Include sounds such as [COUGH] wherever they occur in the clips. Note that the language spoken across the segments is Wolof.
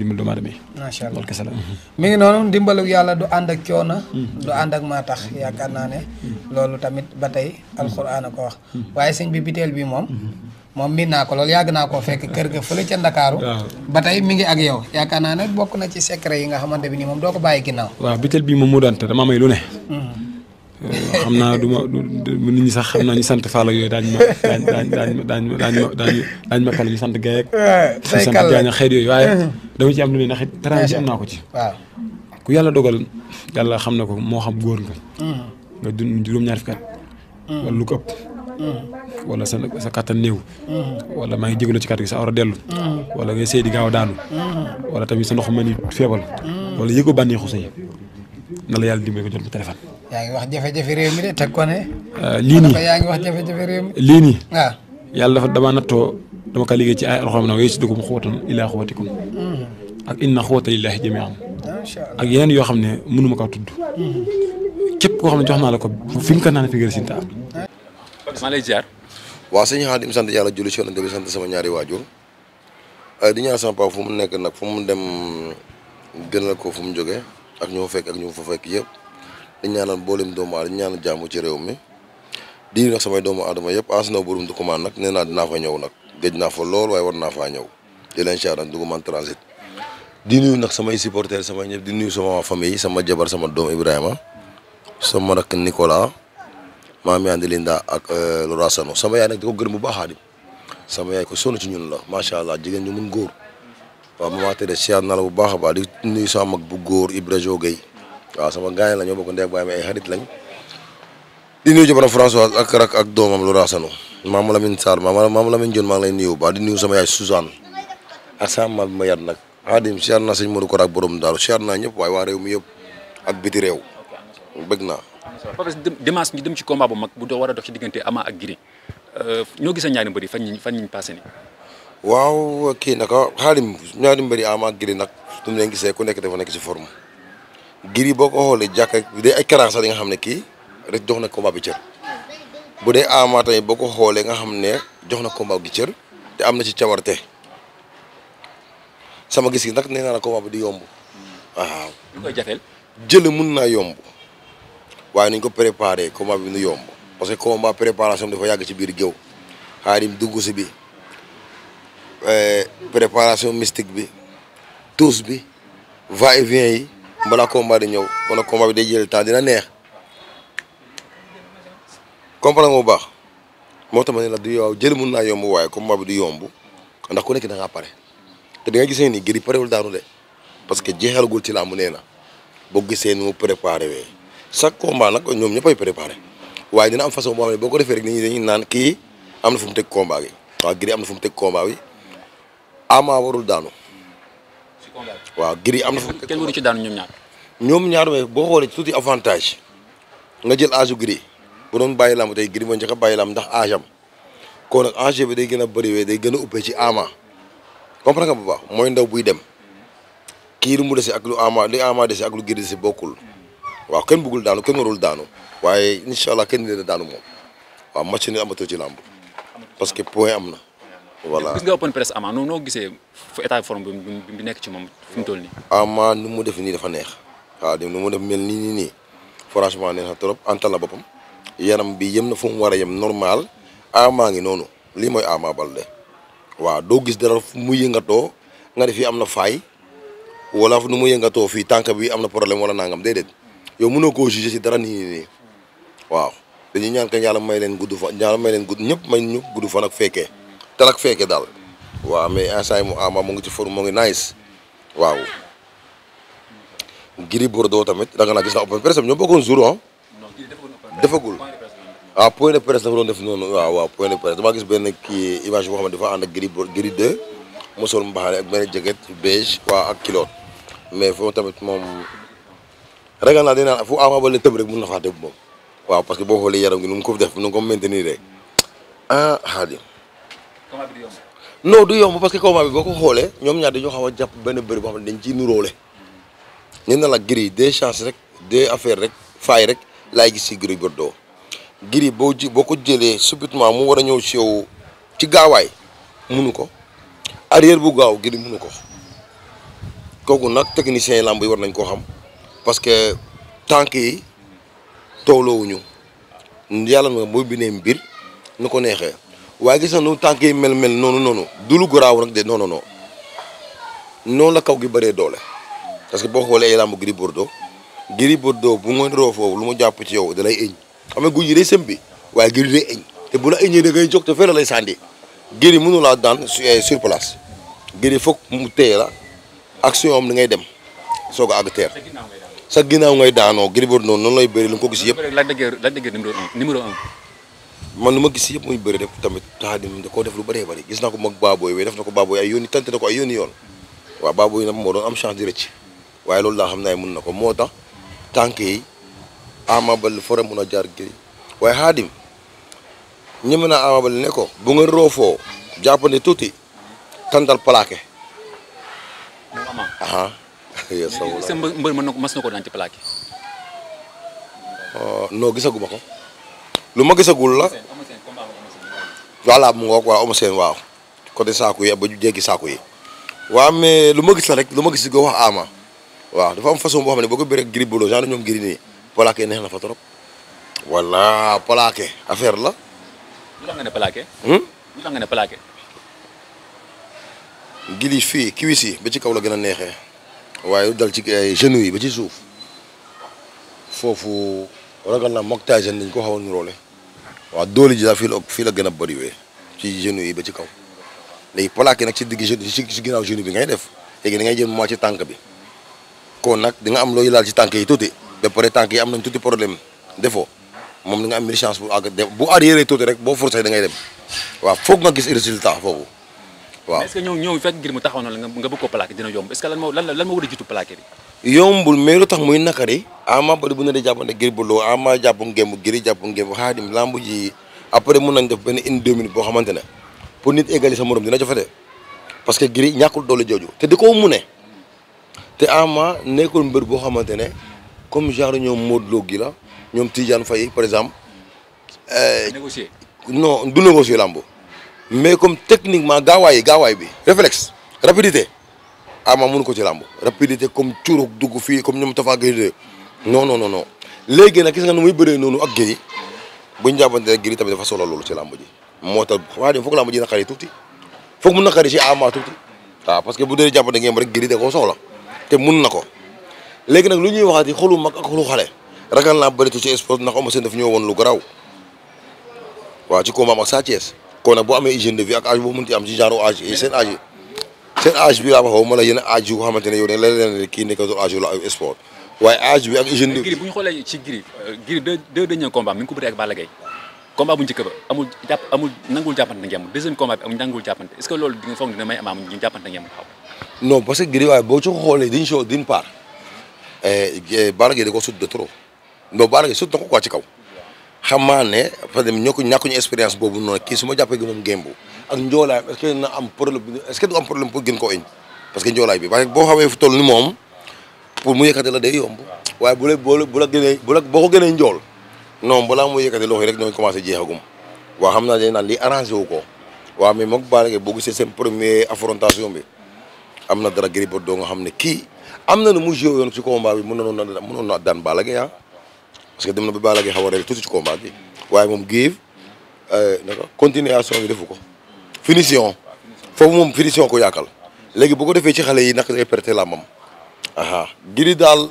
dimbal doomu aadama la. mi ngi noonu ndimbalu yàlla du ànd ak coono. du ànd ak maa tax yaakaar naa ne. loolu tamit ba tey alxuraan a ko wax. waaye sëñ bi biteel bi moom. moom miin naa ko loolu yàgg naa koo fekk kër ga fële ca Ndakaaru. ba tey mi ngi ak yow yaakaar naa ne bokk na ci secret yi nga xamante bi nii moom doo ko bàyyi ginnaaw. waaw biteel bi moom moo daan te dama may lu ne. Hmm. xam naa du ma nit ñi sax xam naa ñu sant Fall yooyu dañ ma daañu daañu daañu daañu daañu daañu ma kàlla sant Guèye ak. tey sant Diagne xeet yooyu waaye. Mm-hmm. dama ci am nax it teraan am naa ko ci. waaw ku yàlla dogal xam na ko moo xam góor nga. Mm-hmm. nga juróom-ñaar fukki mm-hmm. lu ko ëpp. wala sa néew. wala maa ngi jégalu ci kàttan gi sa awra dellu. wala ngay sëy di gaaw a daanu. wala tamit sa ndox mën feebal. wala yëgoo bànneexu sa yëpp la yàlla dimbali ko jot bu téléphone. yaa ngi wax jafe-jafe teg ko ne. Euh, lii nii yaa ngi wax jafe-jafe lii nii. waaw ah. yàlla dafa damaa nattoo dama ka liggéey ci ay alxuraan na wayzidukum xuwwatan ilaa xuwwatikum mm-hmm. ak inna xuwwata lillaahi jamiian ak yeneen yoo xam ne mënuma kaa tudd. Mm-hmm. képp koo xam ne jox naa la ko fi ko naan fi nga resinta am. maa lay ziar. waaw sëñ Xaadim sant yàlla julli si yonent bi sant sama ñaari waajur euh, di ñaan sama papa fu mu nekk nag fu mu dem gënal ko fu mu jógee ak ñoo fekk ak ñoo fa fekk yëpp. di ñaanal mboolem doomu aadama di ñaanal jàmm ci réew mi di nag samay doomu aadama yëpp Asinaa Boroom Ndoukoumane nag nee naa dinaa fa ñëw nag géej naa fa lool waaye war naa faa ñëw di leen siyaare Ndoukoumane transit di nuyu nag samay supporters samay ñëpp di nuyu sama famille sama jabar sama doom Ibrahima sama rakk Nicolas maam yaa ngi Linda ak euh, Lora Sano sama yaay nag di ko gërëm bu baax sama yaay ko sonn ci ñun la macha allah jigéen ñu mun góor waaw maman Thérèse siyaare naa la bu baax a baax di nuyu sama mag bu góor Ibrahima waaw sama gaañ la ñoo bokk ndey ak baay mi ay xarit lañ di nuyu ci borom ak rak ak doomam lu raasanu maam Lamine Sarr maam maam Lamine Dione maa lay nuyu bu di nuyu sama yaay Suzanne ak sama bi ma yar nag Xaadim siyaar naa sëñ Modou Kora ak borom daaru siyaar naa ñëpp waaye waa réew mi yëpp ak biti réew bëgg naa Papis dimanche ñu dem ci combat bu mag bu doo war a dox ci diggante Ama ak Gris euh, ñoo gis a ñaari mbëri fan ñi fan ñi passé waaw kii naka Xaadim ñaari mbëri Ama ak nag dumu leen gisee ku nekk dafa nekk ci forme gir yi boo ko xoolee jàkka bu dee ay karaax sax di nga xam ne kii rek jox na combat bi cër bu dee Ama tamit boo ko xoolee nga xam ne jox na combat gi cër te am na ci cawarte sama gis gi nag ne naa la combat bi di yomb waaw. lu koy jafeel jël mun naa yomb waaye nañ ko préparé combat bi nu yomb parce que combat préparation dafa yàgg ci biir géew xaarim dugg bi eh, préparation mystique bi tous bi va et yi. balaa combat di ñëw kon nag combat bi day jël temps dina neex comprendre bu baax moo tax ma ne la du yow jël mun naa yomb waaye combat bi du yomb ndax ku nekk da ngaa pare te di nga gisee ni Gris parewul daanu de parce que jeexalagul ci làmb nee na boo gisee ni mu préparé wee chaque combat nag ñoom ñëppay préparé waaye dina am façon boo xam ne boo ko defee rek naan kii am na fu mu teg combat bi waaw am na fu mu teg combat bi daanu. waaw Gris am na fa. kenn ci daanu ñoom ñaar. ñoom ñaar waaye boo xoolee tuuti avantage nga jël âge Gris bu doon bàyyi lamb tey Gris moo njëkk a bàyyi lamb ndax âge am kon nag enjeu bi day gën a bëriwee day gën a uppee ci Ama comprendre nga bu baax mooy ndaw buy dem kii lu mu dese ak lu Ama li Ama dese ak lu Gris dese bokkul waaw kenn bëggul daanu kenn warul daanu waaye incha allah kenn dina daanu moom waaw match ni amatul ci lamb parce que point am na. voilà gis nga open noo gisee fu état nekk ci moom fi mu toll nii. Ama nu mu def nii dafa neex. nu mu def mel nii nii nii franchement neex trop antal na boppam yaram bi yem na fu mu war a yem normal Ama ngi noonu lii mooy Ama Baldé doo gis dara mu yëngatoo nga def yi am na faay wala nu mu yëngatoo fii tànk bi am na problème wala nangam déedéet yow mënoo koo jugé ci dara nii nii waaw dañuy ñaan kañ yàlla may leen gudd fan yàlla may leen gudd ñëpp may ñëpp gudd fan ak fekkee. talak fekke daal waaw mais instant mu Ama mu ngi ci forme mu ngi nice waaw Gris Bordeaux tamit da nga naa gis na open presse am ñoo bokkoon jour ah defagul waaw ah, point de presse dafa doon def noonu waaw point de presse damaa gis benn kii image boo xam ne dafa ànd ak Gris Gris 2 mosoon mbaxane ak beige waaw ak kilote mais foofu tamit moom ragal naa dinaan fu Ama Baldé tëb rek mën na faa moom waaw parce que boo xoolee yaram gi nu mu ko def nu mu ko maintenir rek ah combat bi du yomb. non du yomb parce que combat boo ko xoolee ñoom ñaar dañoo xaw a jàpp benn bëri boo xam ne dañ ciy nuróole. ñu ne la Gris des chances rek de affaire rek faay rek laay gis si Gris Bordeaux Gris boo ji boo ko jëlee subitement mu war a ñëw si yow ci gaawaay munu ko arrière bu gaaw Gris munu ko kooku nag technicien yi làmb yi war nañ koo xam parce que tànk yi tooloowuñu yàlla na mooy bi ne mbir nu ko neexee. waaye gis na nu tànk yi mel mel noonu noonu du lu garaaw nag de non noonu la kaw gi bëree doole parce que boo xoolee ay làmb Gris Bordeaux Gris Bordeaux bu nga roo foofu lu mu jàpp ci yow da lay ëñ xam nga guy yi day bi waaye Gris day ëñ te bu la ëñee da ngay jóg te fee la lay sànni Gris mënu laa daan eh, sur place Gris foog mu téye la action am da ngay dem soo ko àgg teer sa ginnaaw ngay daanoo Gris Bordeaux noonu lay bëri lu mu ko gis yëpp. man lu ma gis yëpp muy bëri def tamit Khadim da koo def lu bëree bëri gis naa ko mag baabooy wee def na ko baabooy ay yoon yi na ko ay yoon yoon waa baabooy nag moo doon am chance di rëcc waaye loolu laa xam naa mun na ko moo tax tànk yi Ama Baldé mun a jaar gëri waaye Khadim ñeme naa Ama ne ko bu nga roofoo jàppande tuuti tandal plaqué aa [LAUGHS] mbër mën na ko mas na ko daan ci plaqué oh, gisaguma ko lu ma gisagul la. voilà mu ngoog waaw Eumeu waaw côté saako yi ba jéggi saako yi waaw mais lu ma gis la rek lu ma gis go wax Ama waaw dafa am façon boo xam ne boo ko béré Gris Bordeaux genre ñoom Gris nii neex na fa trop voilà plaqué affaire la. lu tax nga ne yi hmm? ba ci kaw la gën a neexee waaye dal ci genoux yi ba ci suuf foofu. ragal naa mook Tyson dañ ko xaw a nuróole waaw doole ji daal fii la fii la gën a bëriwee ci genou yi ba ci kaw léegi plaqué nag ci digg ci bi ngay def léegi da ngay jël mois ci bi kon nag di nga am looy laal ci tànk yi tuuti ba pare tànk yi am nañ tuuti problème défaut moom di nga am mille chance bu àgg bu arrière tuuti rek boo forcé da ngay dem waaw foog nga gis résultat foofu waaw. a jiitu plaqué bi. yombul mais lu tax muy nakari ama bari bu ne di jàppante Gris Bordeaux ama jàpp ngemb Gris jàpp ngemb Xaadim lamb ji après mun nañ def benn une deux boo xamante ne pour nit égali sa morom dina jofete parce que Gris ñàkkul doole jooju te di ko mu ne te ama nekkul mbër boo xamante ne comme genre ñoom Modou loo gi la ñoom Tidiane Faye par exemple. Euh, négocier non du négocier lamb mais comme techniquement gaawaay gaawaay bi réflexe rapidité. ama mënu ko ci làmb rapidité comme cuurug dugg fii comme ñoom Tafa Gueye de non non non non léegi nag gis nga nu muy bëree noonu ak Gueye buñ jàppante ne Gueye tamit dafa solo loolu ci làmb ji moo tax waa dem foog làmb ji naqari tuuti foog mu naqari si ama tuuti waaw parce que bu dee jàppante ngeen rek Gueye da koo soxla te mun na ko léegi nag lu ñuy waxaati xolu mag ak xolu xale ragal naa bëri ci sport ndax Eumeu Sène daf ñëw woon lu garaw waaw ci combat ak Sa Thiès kon nag boo amee hygiène de vie ak âge boo mënti am ci genre âge seen seen âge bi laa ma xaw ma la yenn âge yu nga kii nekkatul âge yu sport waaye âge bi ak hygiène. Gris ñu xoolee ci Gris euh, Gris deux deux derniers combats mi ngi njëkk ba amul jàpp amul nanguwul jàppante ngeen am deuxième combat bi amul nanguwul jàppante est-ce que loolu dina may amaam ñu parce que Gris waaye boo ci xoolee d'une chose d'une part eh, eh, Balla Gaye da ko sut de trop non Balla Gaye sut na ko quoi ci kaw xam maa ne peut-être ñoo ko ñàkkuñu expérience boobu noonu kii su ma jàppee moom gémbu ak njoolaay est que na am problème est-ce que du parce que njoolaay bi waaye boo xawee fu toll ni moom pour mu yëkkate la day yomb waaye bu la bu la gënee bu la boo ko gënee njool noom balaa muy yëkkate loxo yi rek ñooy commencé jeexagum waa xam naa dañ naan lii arrangé wu ko waaw mais moom Balla Gaye boo gisee seen bi am na dara Gris Bordeaux nga xam ne kii am na nu mu joué yoon ci combat bi mënoon na mënoon na daan Balla Gaye ah parce que dem na ba Balla Gaye xaw a réer tuuti ci combat bi waaye moom géej euh, naka continuation bi defu ko. finition foofu moom finition ko yàqal léegi boo ko defee ci xale yi naka day perte làmbam aha Gris daal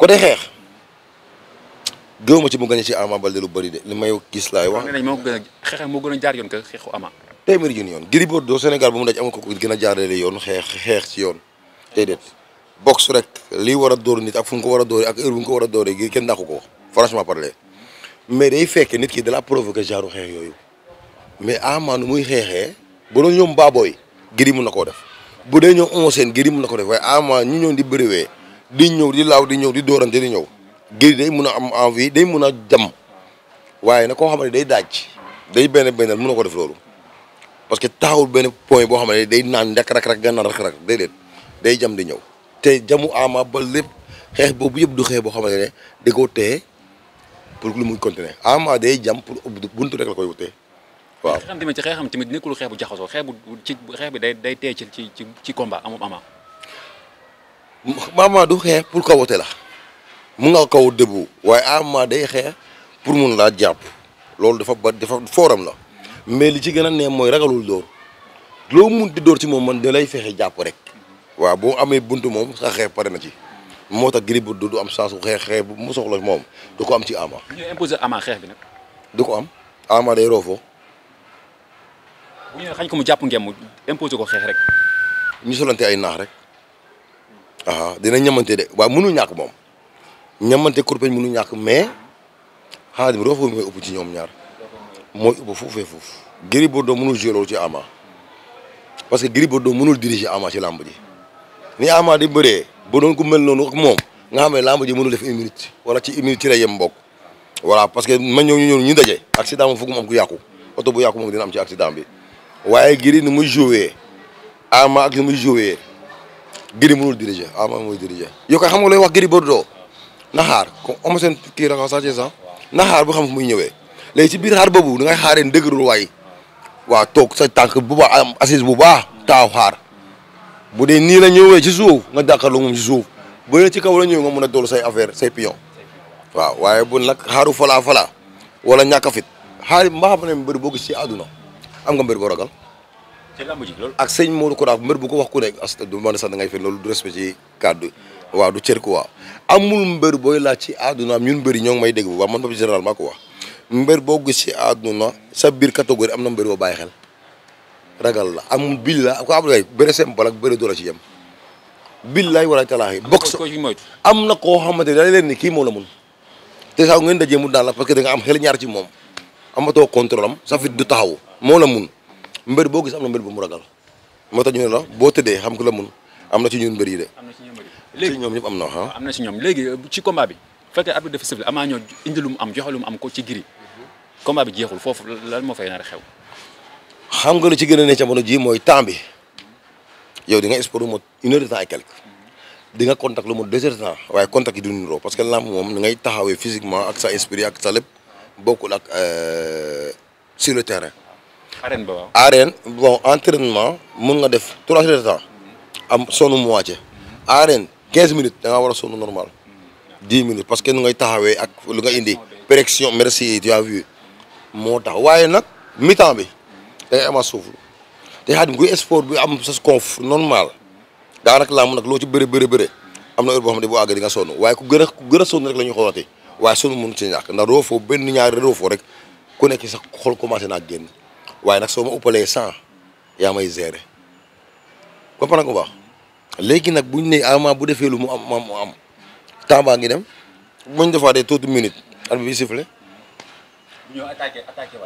côté xeex gëwuma ci mu gañe ci Ama Baldé lu bëri de li may gis laay wax. nee nañ moo gën a xeex a jaar yoon ka xeexu Ama. téeméeri junni yoon Gris Bordeaux Sénégal bu mu daj amul ko gën a jaarale yoon xeex xeex ci yoon déedéet box rek lii war door dóor nit ak fu mu ko war a ak heure bu ko war a dóoree ngir kenn dàqu ko franchement parler mais day fekk nit ki dalaa provoqué genre yooyu. mais Ama nu muy xeexee bu doon ñoom baabooy Gris mun na koo def bu dee ñoom Eumeu Sène Gris mun na ko def waaye Ama ñu ñëw di bëriwee di ñëw di laaw di ñëw di doorante di ñëw Gris day mun a am envie day mun a jam waaye nag koo xam ne day daaj day benn bennal mun na ko def loolu parce que taawul benn point boo xam ne day naan rek rek rek gannaaw rek rek déedéet day jam di ñëw te jamu Ama ba lépp xeex boobu yëpp du xeex boo xamante ne da koo téye pour lu muy continuer Ama day jam pour buntu rek la koy wutee waaw am tamit ci xeexam tamit nekkul xeex bu jaxasoo xeex bu ci xeex bi day day tey ci ci ci combat amul ama. du xeex pour kawate la mu nga kaw dëbbu waaye Ama day xeex pour mun laa jàpp loolu dafa ba dafa fooram la mais li ci gën a neex mooy ragalul dóor loo mun di dóor ci moom man da lay fexe jàpp rek. waaw boo amee bunt moom sa xeex pare na ci. moo tax Gris Bordeaux du am chance bu xeex xeex mu soxla moom du ko am ci Ama. ñu imposer xeex bi nag. du ko am Ama day roofoo. bu ñu xañ ko mu jàpp ngeen imposé ko xeex rek. ñu solante ay naax rek ah dina ñamante de waaw mënu ñàkk moom ñamante kurpeñ mënu ñàkk mais xanaa dem roofoo mooy ëpp ci ñoom ñaar mooy ëpp foofee foofu. Gris Bordeaux mënul jouer ci Ama parce que Gris Bordeaux mënul diriger Ama ci làmb ji ni Ama di bëree ba doon ku mel noonu ak moom nga xam ne làmb ji mënul def une minute wala ci une ci la yem mbokk voilà parce que man ñoo ñu ñëw ñu daje accident moom foog mu am ku yàqu oto bu yàqu moom dina am ci accident bi. waaye Gris ni muy joué Ama ak ni muy joué giri mu diriger Ama mooy diriger. yow kay xam nga looy wax Gris Bordeaux naxaar comme am seen kii raxas sax ci sax naxaar bu xam fu muy ñëwee léegi ci biir xaar boobu da ngay xaaree dëgërul waay waaw toog sa tànk bu ba am assise bu baax taaw xaar bu dee nii la ñëwee ci suuf nga jàkkaarloo moom ci suuf bu dee ci kaw la ñëw nga mën a doolu say affaire say pion waaw waaye bu nag xaaru falaa falaa wala ñàkk fit xaar mbaa xam ne mbëri boo gis ci àdduna am nga mbër boo ragal. te lamb ji loolu. ak sëñ Modou Koda mbër bu ko wax ku ne as du ma ne sax da ngay fen loolu du respect ci kàddu waaw du cër ko waaw amul mbër booy laaj ci àdduna am ñun mbër ñoo ngi may dégg man bopp ko wax boo gis ci àdduna sa biir catégorie am na mbër boo bàyyi xel ragal la amul billaay ko abdoulaye bëre simple ak bëre doola ci yem billaay wala talaaxi box am na koo xamante ne da leen ni kii moo la mun te saa ngeen dajee mu daan la parce que am xel ñaar ci moom am amatoo contrôle am sa fit du taxaw moo la mun mbër boo gis am na mbër boo mu ragal moo tax ñu ne la boo tëddee xam ku la mun am na ci ñun mbër yi de. am ñoom léegi ñoom ñëpp am na ah. am na ci ñoom léegi euh, ci combat bi bu fekkee arbitre dafa amaa ñoo indi lu mu am joxe am ko ci giri combat bi jeexul foofu lan moo fay na a xew. xam nga lu ci gën a ne jamono jii mooy temps bi yow di nga espérer mot une heure de temps et quelque di nga contact lu mot deux heures waaye contact yi du niroo parce que lam moom ni ngay taxawee physiquement ak sa esprit sa lépp bokkul ak euh, si le terrain. arène ba waaw arène bon entraînement mun nga def trois de temps am sonn mu wàcce arène quinze minutes da ngaa war a sonn normal dix minutes parce que nu ngay taxawee ak lu nga indi pression merci tu as moo tax waaye nag mi bi da ngay a suuf te xaat guy sport bi am sa conf normal daanaka laa mun nag loo ci bëre bëre bëre am na heure boo xam ne boo àgg di nga waaye ku gën a ku rek la ñuy xoolati waaye sunu mun ci ñàkk ndax roofoo benn ñaari roofoo rek ku nekk sax xol commencé naa génn waaye nag soo ma uppalee cent yaa may gérer comprendre ko baax léegi nag buñ ne ah ama bu defee lu mu am mu am temps ngi dem buñ defaatee toute minute at bi sifflé ñoo attaqué attaqué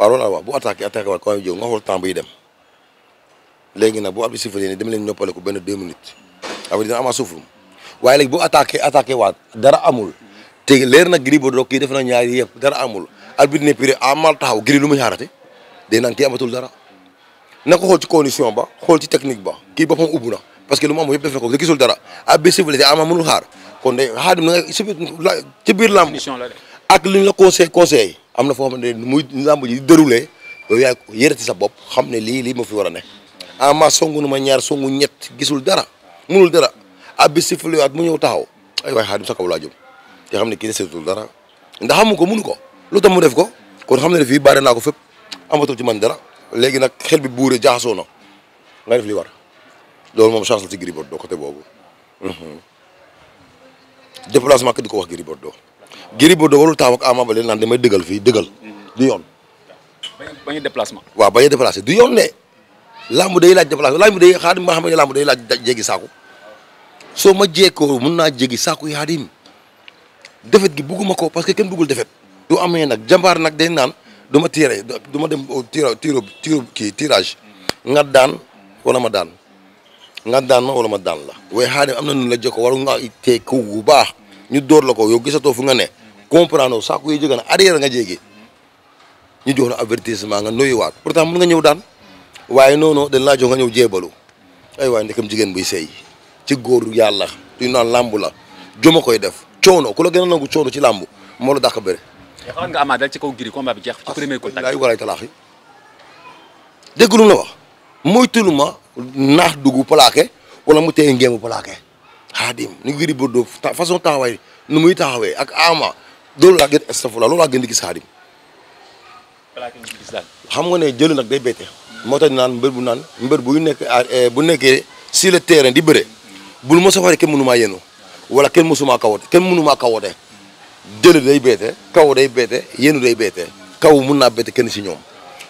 waat bu attaqué attaqué waat combat bi jeexul nga xool temps biy dem nag bu at bi sifflé nii dama leen ñoppale ko benn deux minutes après dina amaat souffle waaye léegi boo attaqué attaqué waat dara amul te leer na Gris Bordeaux kii def na ñaari yëpp dara amul albit ne pire amal taxaw Gris lu muy xaarate day naan kii amatul dara na ko xool ci condition ba xool ci technique ba kii boppam ubbu na parce que lu mu am yëpp def na ko te gisul dara ab bi civilisé ama mënul kon day xaadim na ci biir lamb ak lu la conseil am na foo xamante ne muy lamb ji déroulé yow yaay yërati sa bopp xam ne lii lii ma fi war a ne ama songu nu ma ñaar songu ñett gisul dara mënul dara ab bi sifle mu ñëw taxaw ay waay xaadim sa kaw laa jëm xam ne kii desetul dara ndax mu ko munu ko lu tax mu def ko kon xam ne fii baare naa ko fépp amatul ci man dara léegi nag xel bi buure jaxasoo na nga def li war loolu moom chance la ci Gris Bordeaux côté boobu mhm. déplacement kat di ko wax Gris Bordeaux Gris Bordeaux warul taxaw ak Ama Baldé naan damay dëgal fii dëgal du yoon bañ déplacement waaw bañ a déplacé du yoon la lamb day laaj déplacement lamb day xaadim nga xam ne lamb day laaj jéggi saako soo ma jekkoo mun naa jéggi saaku yaadim defet gi bugguma ko parce que kenn buggul defet du amee nag jàmbaar nag day naan du ma tiire du ma dem tiro tiro tiro kii tiirage nga daan wala ma daan nga daan ma wala ma daan la waaye xaadim am na nun la jokko waru nga tee ku bu baax ñu door la ko yow gisatoo fu nga ne comprendre saaku yi jóge na arrière nga jéegi ñu jox la avertissement nga nuyuwaat pourtant mun nga ñëw daan waaye noonu dañ laa jox nga ñëw jeebalu ay waaye ndekam jigéen buy sëy ci góor yàlla duñu naan làmb la juma koy def coono ku la gën a nangu coono ci làmb moo la dàq bëri. te xawoon nga Ama dal ci kaw giri combat bi jeex ci premier contact. laay walaay mu la wax moytul ma naax dugg plaqué wala mu téye ngéemu plaqué xaadim ni giri bëddoo façon taxawaay nu muy taxawee ak Ama loolu laa gën loolu laa gën di gis xaadim. nga ne jël nag day bette. moo tax naan mbër bu naan mbër eh, bu nekkee si le terrain di bëre. bul ma safaree kenn mënu maa yenu wala kenn mësumaa kawote kenn mënu maa kawote jël day beete kaw day beete yenu day beete kaw mun naa beete kenn si ñoom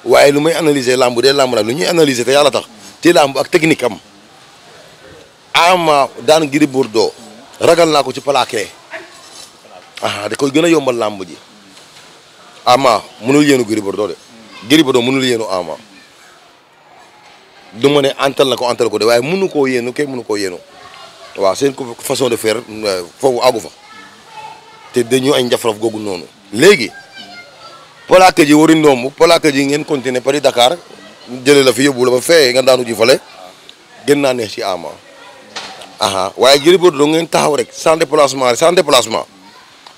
waaye lu may analyser làmb dee làmb la lu ñuy analyser te yàlla tax ci làmb ak technique am ama daan Gris doo ragal naa ko ci plaqué ah da ko gën a yombal làmb ji ama mënul yéenu Gris Bordeaux de Gris doo mënul yéenu ama du ma ne antal na ko antal ko de waaye mënu koo yéenu kenn mënu koo yéenu waaw seen façon de faire euh, foofu àggu fa te dañu ay njafraf googu noonu léegi plaque ji wari ndomb plaque ji ngeen continuer pari Dakar jëlee la fi yóbbu la ba fee nga daanu ji fale gën naa neex ci Ama aha waaye Gris Bordeaux ngeen taxaw rek sans déplacement sans déplacement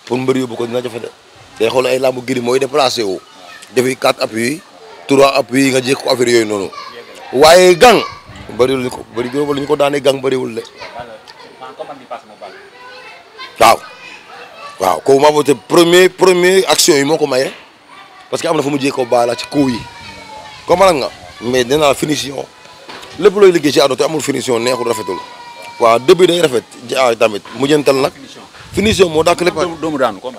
pour mbër yóbbu ko dina jafe de day xool ay làmbu Gris mooy déplacé wu dafay quatre appuis trois appuis nga jékku affaire yooyu noonu waaye gang bëriwul ñu ko bëri juróom la ko daanee gang bëriwul de waaw kooku maa voté premier premier action yi moo ko maye parce que am na fa mu jee ko baala ci coup yi comprendre nga mais nee naa finition lépp looy liggéey ci àdduna te amul finition neexul rafetul waaw début day rafet ah tamit mujjantal nag. finition moo dàq lépp. doomu daanu ko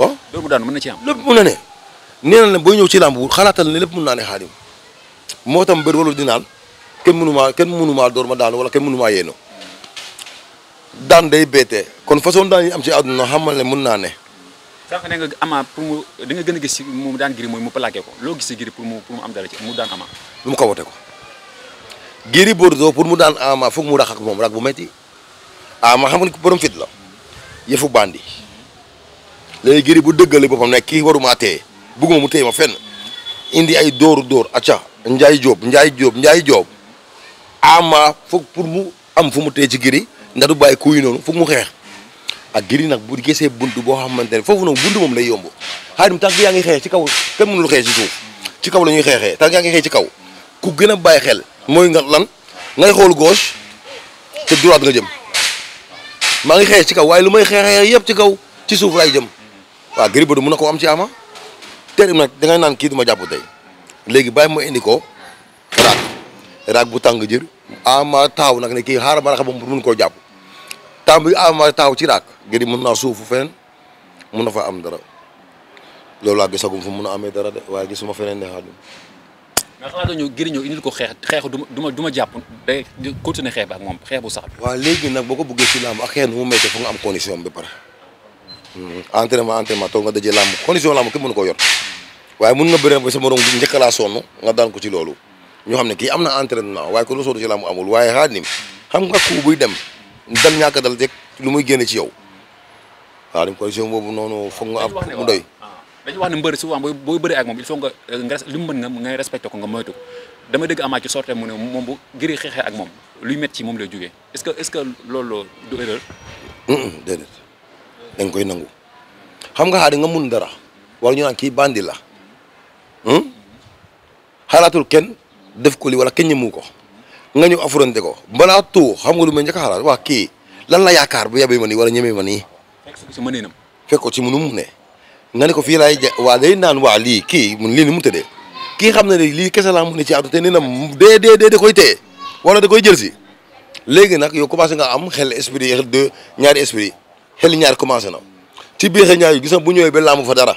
ah doomu daanu mën na ci am. na ne nee ne booy ñëw ci làmb bu xalaatal ne lépp mën naa ne xaadim moo tam bëri wala di naan kenn mënu maa kenn mënu maa door ma daanu wala kenn mënu maa yéenoo daan day bete kon façon daan yi am ci xam xamal ne mun naa ne. sànq ne nga Ama pour mu da nga gën a gis si mu daan Gris mooy mu plaqué ko loo gis si Gris pour mu am dara ci daan Ama. lu mu ko wote ko Gris pour mu daan Ama foog mu rax moom rax bu metti Ama xam nga ko borom fit la yëfu bandi léegi Gris bu dëggale boppam ne kii waruma téye bugguma mu téye fenn indi ay dóoru dóor acca Njaay Jóob Njaay Jóob Njaay Jóob Ama foog pour mu am fu mu téye ci Gris nga du ku yi noonu foog mu xeex ak giri nag bu gisee bunt boo xamante ne foofu noonu bunt moom lay yomb xaadim tànk yaa ngi xeex ci kaw kenn mënul xeex ci suuf ci kaw la ñuy xeexee tànk yaa ngi xeex ci kaw ku gën a bàyyi xel mooy nga lan ngay xool gauche te droite nga jëm maa ngi xeex ci kaw waaye lu may xeexee yëpp ci kaw ci suuf laay jëm waaw Gris Bordeaux mën na ko am ci Ama tey nag dangay naan kii duma jàpp tey léegi bàyyi ma indi ko raak raak bu tàng jër Ama taaw nag ne kii a ma raxa ba mun koo jàpp temps bi envoyé taaw ci raak ngir mën naa suufu feneen mën na fa am dara loolu laa gisagum fu mun a amee dara de waaye suma feneen ne xaadum mais xalaat ñu gëri ñëw indil ko xeex xeexu duma duma jàpp day continuer xeex bi moom xeex bu sax bi waaw léegi boo ko bëggee si làmb ak xeex mu méttee fa nga am condition bi pare hmm, entraînement entraînement toog nga dajee làmb condition làmb képp mënu ko yor waaye mën nga bëre ba sa morom njëkk laa sonn nga daan ko ci loolu ñoo xam ne kii am na entraînement waaye ko lu sonn ci làmb amul waaye Khadim xam nga ku buy dem dal ñaaka dal rek lu muy génne ci yow waaw dañ koy jom boobu noonu foog nga am mu doy dañu wax ne mbëri booy booy bëri ak moom nga nga li mu mën nga ngay respecté ko nga moytu ko dama dégg Ama ci sorte mu ne moom bu Gris xeexee ak moom luy met ci moom lay jógee est-ce que est-ce que loolu du erreur déedéet dañ koy nangu xam nga xaari nga mun dara war ñu naan kii bandi la hmm? xalaatul kenn def ko li wala kenn ñëmu ko nga ñëw affronté ko balaa tout xam nga lu ma njëkk a xalaat waa kii lan la yaakaar bu yebee ma nii wala ñemee ma nii. fekk ci mënu mu ne. nga ne ko fii laay ja waa day naan waa lii kii lii ni mu de kii xam ne lii kese laa mun ne ci àdduna te nee na dee dee dee da koy téye wala da koy jël si. léegi nag yow commencé nga am xel esprit xel de ñaari esprit xel ñaar commencé na ci biir xel ñaar yi gis nga bu ñëwee ba làmb fa dara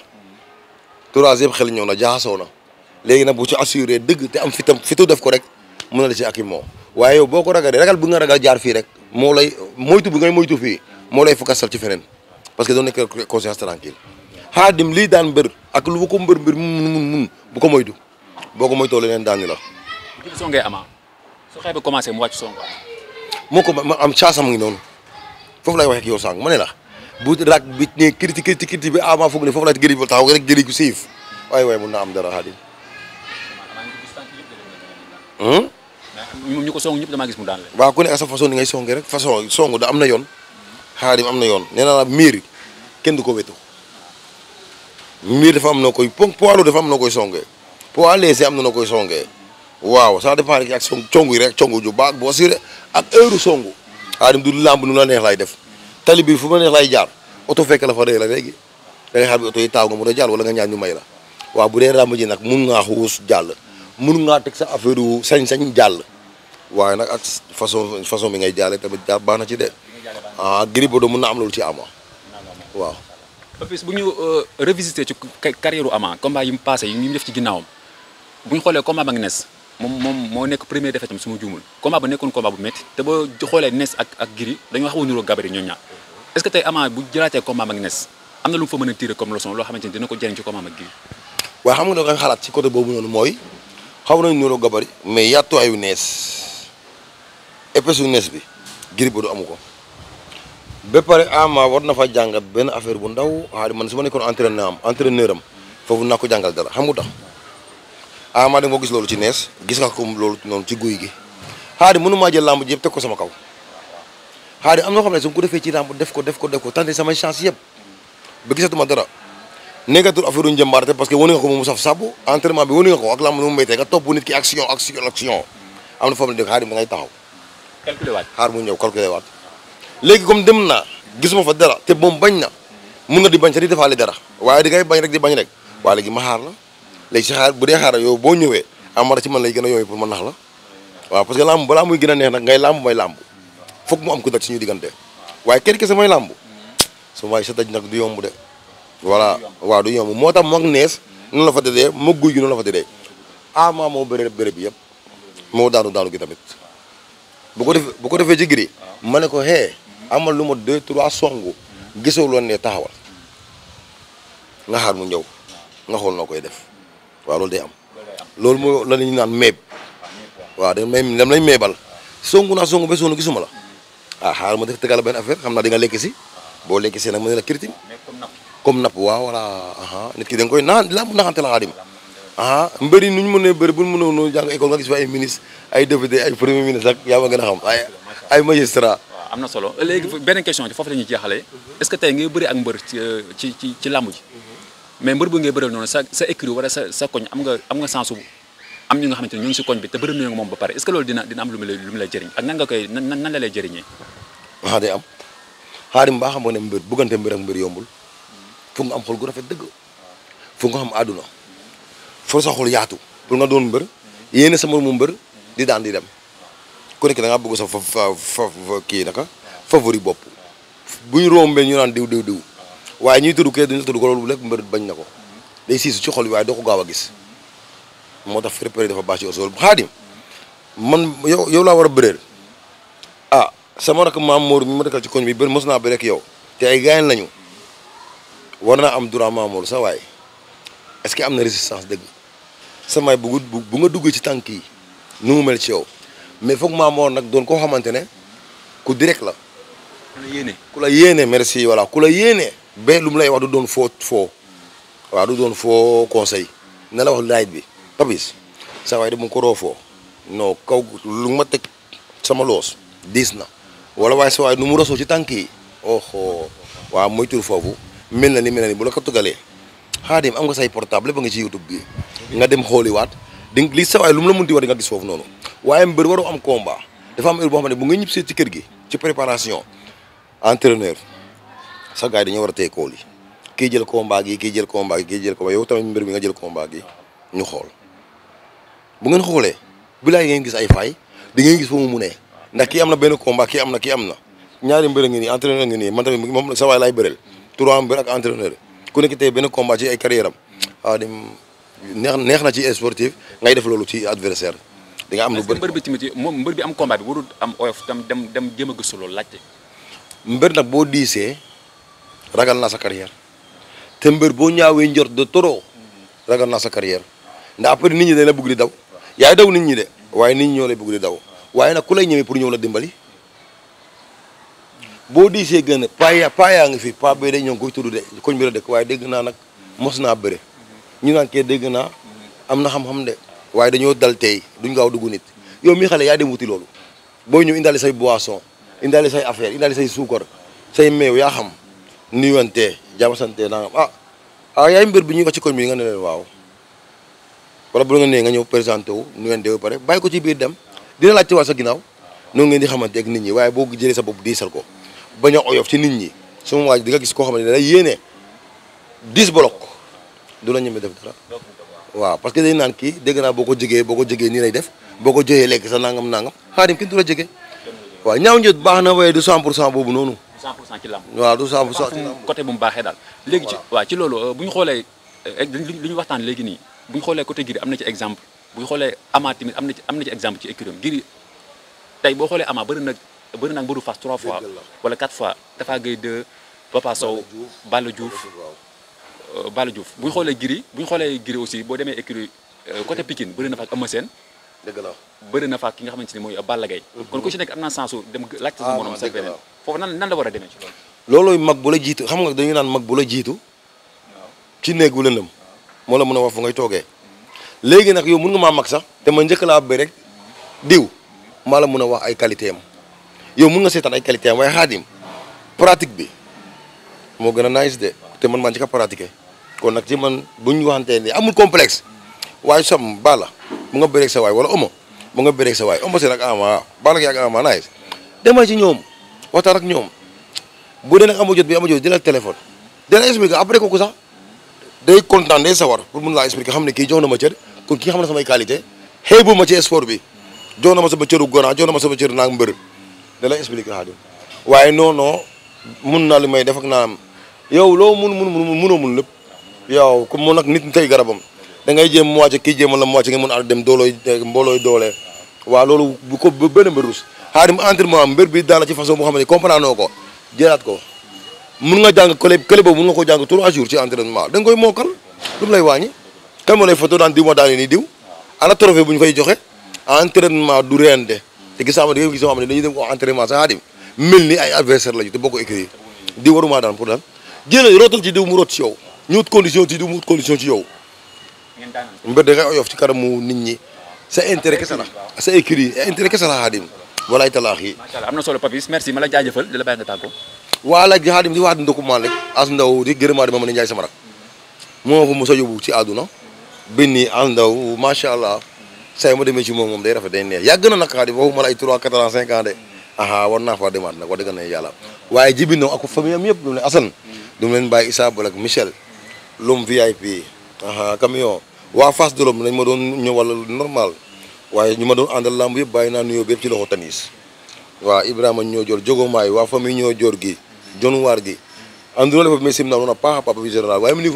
troisième xel ñëw na jaaxasoo na léegi nag bu ci assuré dëgg te am fitam fitu def ko rek. mën na la ak i moo waaye yow boo ko ragalee ragal bu nga ragal jaar fii rek moo lay moytu bu ngay moytu fii moo lay fokasal ci feneen parce que doo nekk conscience tranquille xaadim lii daan mbër ak lu ko mbër mbër mun mun bu ko moytu boo ko moytoo leneen daan ni la. jël songee ama su xeeb commencé mu wàcc song ah. moo ko ma am caasam ngi noonu foofu lay waxee ak yow sànq ma ne la bu rak bi ne kiriti kiriti kiriti bi ama foog ne foofu lay gëri ba taxaw rek am dara moom ñu ko song ñëpp damaa gis mu daan la waaw ku nekk sa façon ni ngay song da am na yoon xaadim am na yoon nee naa la miir kenn du ko wetu miir dafa am na koy poids lourd dafa am na koy songee poids léger am na na koy songee waaw ça dépend rek ak rek congu ju baax boo siré ak heure songu xaadim du làmb nu la neex lay def tali bi fu ma neex lay jaar oto fekk la fa rëy la léegi da ngay xaar bi oto yi taaw nga mën a jàll wala nga ñaan ñu may la waaw bu dee ràmb ji nag mun ngaa xuus jàll mun ngaa teg sa affaire sañ-sañ jàll waaye nag ak façon façon bi ngay jaale tamit jaa baax na ci de ah boo Bordeaux mun na am lu ci Ama waaw. Papis bu ñu euh, revisité ci carrière Ama combat yi mu passé def ci ginnaawam bu xoolee combat ak Nes moom moom moo nekk premier défaite am su ma juumul combat ba nekkoon combat bu métti te boo xoolee Nes ak ak Gris dañoo xaw a niroo gabarit ñoom ñaar est-ce que tey Ama bu jëlaatee combat ak Nes am na lu mu fa mën a tiré comme leçon loo xamante ni dina ko jëriñ ci combat ak Gris. waaye xam nga da xalaat ci côté boobu noonu mooy xaw nañu niroo gabarit mais yaatuwaayu Nes. épaisse nees bi Gris Bordeaux amu ko ba pare Ama war na fa jàngat benn affaire bu ndaw waaye man su ma nekkoon entraîneur am entraîneur am foofu naa ko jàngal dara xam nga tax Ama da nga ko gis loolu ci nees gis nga ko loolu noonu ci guy gi xaari mënumaa jël làmb ji ko sama kaw xaari am na xam ne su ko defee ci làmb def ko def ko def ko tante samay chance yëpp ba gisatuma dara nekkatul affaire njëmbaar te parce que wane nga ko moom mu saf ak làmb nu mu am na foofu ne dëgg xaari ma ngay taxaw calculé waat xaar mu ñëw calculé waat léegi comme dem naa gis ma fa dara te moom bañ na mun na di bañ sax di defaale dara waaye di ngay bañ rek di bañ rek waaye léegi ma xaar la léegi si xaar bu dee xaar yow boo ñëwee amara ci man lay gën a yooyu pour ma nax la waaw parce que balaa muy gën a neex ngay làmb may làmb foog mu am ku daj ñu diggante waaye kenn kese may làmb su waaye sa daj nag du yombu de voilà waa du yomb moo tam moo ak nees noonu la fa tëddee ma guy gi noonu la fa tëddee ah maa moo bëre bërëb bi yëpp moo daanu daanu gi tamit bu ko defee bu ko defee ci giri ma ne ko hee amal lu ma deux trois songu gisoo loon ne taxawal nga xaar mu ñëw nga xool noo koy def waaw loolu day am loolu moo la ñuy naan meeb waa da may dam lañ meebal songu naa songu ba songu gisuma la ah xaar ma def tëggal benn affaire xam na di nga lekk si boo lekk si nag ma ne la kirtim comme napp waaw voilà nit ki da koy naan lamb naxante la ah mbëri nu ñu mënee bëri bu ñu mënoon noonu jàng école nga gis fa ay ministre ay député ay premier ministre ak yaa ma gën a xam ay ay magistrat am na solo léegi benn question ci foofu la ñuy jeexalee est-ce que tey ngay bëri ak mbër ci ci ci làmb ji mais mbër sa sa wala sa sa koñ am nga am nga sensu am ñu nga xamante ne ñu bi te bëri moom ba pare est-ce que loolu dina dina am lu mu lay lu mu lay jëriñ ak nan nga koy nan nan la lay jëriñee waaw day am xaarim baa xam buggante mbër ak mbër yombul fu nga am xol gu rafet dëgg fu nga xam àdduna forsaxul yaatu pour nga doon mbër yéene sa mor mu mbër di daan di dem ku nekk da ngaa bëgg sa fa fa kii naka favori bopp buñ rombee ñu naan diw diw diw waaye ñuy tudd kee duñu tudd ko loolu lépp mbër bañ na ko day siisu ci xol bi waaye doo ko gaaw a gis moo tax préparé dafa baax ci osool xaadim man yow yow laa war a bëréer ah sama rak maam Mor mi ma dëkkal ci koñ bi bëri mos naa bëri rek yow te ay gaañ lañu war naa am droit maam Mor sa waaye est-ce que am na résistance dëgg samaay bu bu nga duggee ci tànk yi nu mu mel ci yow mais foog Mame Mor nag doon koo xamante ne ku direct la. ku la yéene ku la merci voilà ku la yéene. ba lu mu lay wax du doon foo foo waaw du doon foo conseil na la wax laaj bi Papis saa waay de mu ko roofoo non kaw lu ma teg sama loos diis na wala waaye sa waay nu mu rosoo ci tànk yi. oho waaw foofu mel na ni mel na ni bu la ko tëgalee. Xaadim am nga say portable lépp nga ci YouTube bi nga dem xooliwaat di li sawaay lu mu la munti war di nga gis foofu noonu waaye mbër waroo am combat dafa am heure boo xam ne bu nga ñib see ci kër gi ci préparation entraîneur sa gars yi dañoo war a téye kool yi kii jël combat gi kii jël combat gi kii jël combat yow tamit mbër bi nga jël combat gi ñu xool bu ngeen xoolee bilaay ngeen gis ay fay di ngeen gis foofu mu ne ndax kii am na benn combat kii am na kii am na ñaari mbër a ngi nii man tamit moom sa waay laay bëreel trois mbër ak entraîneur ku nekk tey benn combat ci ay carrière am Khadim neex neex na ci sportif ngay def loolu ci adversaire di nga am lu bër mbër bi tamit moom mbër bi am combat bi warul am oyof tam dem dem jéem a gëstu loolu laajte mbër nag boo diisee ragal naa sa carrière te mbër boo ñaawee njort de toro ragal naa sa carrière ndax après nit ñi dañ la bëgg di daw yaay daw nit ñi de waaye nit ñi ñoo lay bëgg di daw waaye nag ku lay ñëwee pour ñëw la dimbali boo diisee gën a paa yaa paa yaa ngi fi paa bee day ñoo koy tudd de koñ bi la dëkk waaye dégg naa nag mos naa bëre ñu naan kee dégg naa am na xam-xam de waaye dañoo dal tey duñ gaaw dugg nit yow mii xale yaa dem wuti loolu booy ñëw indaale say boisson indaale say affaire indaale say suukar say meew yaa xam nuyuwante jàmm sante naa ah, ah mbir bi ñuy wax ci koñ bi nga ne leen waaw wala bu nga nee nga ñëw présenté wu nuyuwante ba pare bàyyi ko ci biir dem dina laaj ci waa sa ginnaaw noonu ngeen di xamante ak nit ñi waaye boo jëlee sa bopp diisal ko bañ a oyof ci nit ñi suma waaj di nga gis koo xam ne day yéene dix bloc du la ñeme def dara waaw parce que dañ naan kii dégg naa boo ko jegee boo ko jegee nii lay def boo ko jëyee lekk sa nangam nangam xaadim kenn du la jege waa ñaaw njët baax na waaye du 100 pour cent boobu noonu 100 pour ci lamb waaw du 100 pour cent ci bu mu baaxee daal léegi ci waaw ci loolu euh, bu ñu xoolee euh, li ñu waxtaan léegi nii bu ñu xoolee côté Gris am na ci exemple bu xoolee Ama tamit am na ci am na ci exemple ci écurie Gris tey boo xoolee Ama bëri nag bëri naa mbëru Fass trois fois wala quatre fois Tafa Gueye 2 Papa Sow Balla Diouf Balla Diouf euh, bu ñu xoolee giri bu ñu xoolee giri aussi boo demee écurie euh, côté Pikine bëri na fa ak Eumeu seen dëgg la bëri na fa ki nga xamante ni mooy Balla Gaye mhm. kon ku ci nekk am naa sensu dem laajte sa ah, morom sa beneen foofu nan la war a demee ci loolu loolooy mag bu la jiitu xam nga dañu naan mag bu la jiitu ci néegu lëndëm moo la mun a wax fu ngay toogee léegi nag yow mën nga maa mag sax te ma njëkk laa ba rek diw maa la mën a wax ay qualité am yow mun nga seetaan ay qualité am waaye xaadim pratique bi moo gën a nice de te man maa ci ka kon nag ci man bu ñu waxantee ni amul complexe waaye sam bala mu nga bëreeg sa wala omo mu nga bëreeg sa waay omo seen ak ama bala ak ama nice demal ci ñoom waxtaan ak ñoom bu dee nag amoo jot bi amoo jot jëlal téléphone dina expliqué après kooku sax day kontaan day sawar pour mun laa expliquer xam ne kii jox na ma cër kon kii xam na samay qualité xëy bu ma ci sport bi jox na ma sama cëru gona jox na ma sama cëru naag mbër da lay expliquer xaadim waaye non non mun naa li may def ak naam yow loo mun mun mun munoo mun lépp yow comme mun nag nit ñi tey garabam da ngay jéem mu wàcce kii jéemal la mu wàcce nga mun a dem doolooy mboolooy doole waaw loolu bu ko benn mbir rus xaadim entraînement mbir bi daala ci façon boo xam ne comprendre noo ko jëlaat ko mun nga jàng clé clé boobu mun nga ko jàng trois jours ci entraînement da nga koy mookal lu mu lay wàññi kan moo lay photo daan diw ma daane nii diw ana trophée bu ñu koy joxe entraînement du reende te gis a ma da ngeen gis yoo xam ne dañuy dem ko entraînement sax xaadim mel ni ay adversaire lañu te boo ko di waruma daan pour daan jëlee rootal ci diw mu root ci yow ñuut condition ci diw mu wut condition ci yow mbir da ngay oyof ci kanamu nit ñi sa intérêt kese la sa écrit intérêt kese la xaadim walaay talaax yi macha allah am na solo papis merci ma la jaajëfal di la bàyyi nga tàggoo waa laaj gi xaadim di wax di ndokument rek as ndaw di gërëmaade ma mën a njaay sama rak moo fa mos a yóbbu ci àdduna benni as ndaw macha allah saa yi ma demee ci moom moom day rafet day neex yàgg na nag xaalis boobu ma la ay 3 4 ans 5 ans de aha war naa demaat nag wax dëgg na yàlla waaye jibi noonu ak famille am yëpp du mu leen Assane du mu leen bàyyi VIP aha camion waa Fass Dolom nañ ma doon ñëw wala normal waaye ñu ma doon àndal làmb yëpp bàyyi naa nuyoo bi yëpp ci loxo tanis waa Ibrahima ñoo joor jogomaay waa famille ñoo joor gi jonuwaar gi andunole foof mi simna noon a paax a papa bi général waaye mi ni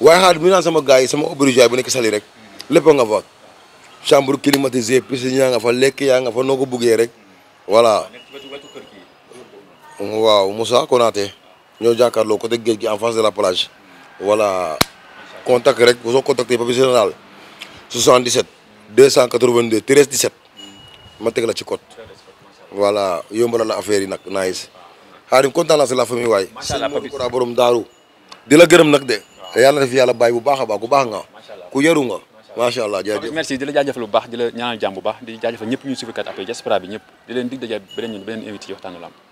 waaye xaar mi naan sama gars yi sama auberge bu nekk sali rek lépp nga fa chambre climatisée piscine yaa nga fa lekk yaa nga fa noo ko buggee rek voilà waaw Moussa Konaté ñoo loo jàkkaarloo côté géej gi en face de la plage voilà contact rek bu soo contacté Papis Général 77 282 13 17 ma teg la ci code voilà yombalal la affaire yi nag nice xaarim kontaan naa si la famille waay sëñ Modou Kora borom daaru di la gërëm nag de yala yàlla fi yàlla bàyyi bu baax a baax ku baax nga ku yaru nga macha allah jërëjëf merci di la jaajëfal bu baax di la ñaanal jàmm bu baax di jaajëfal ñëpp ñu suivkat après diaspora bi ñëpp di leen dig daje beneen ñun beneen invité yi waxtaanu lamb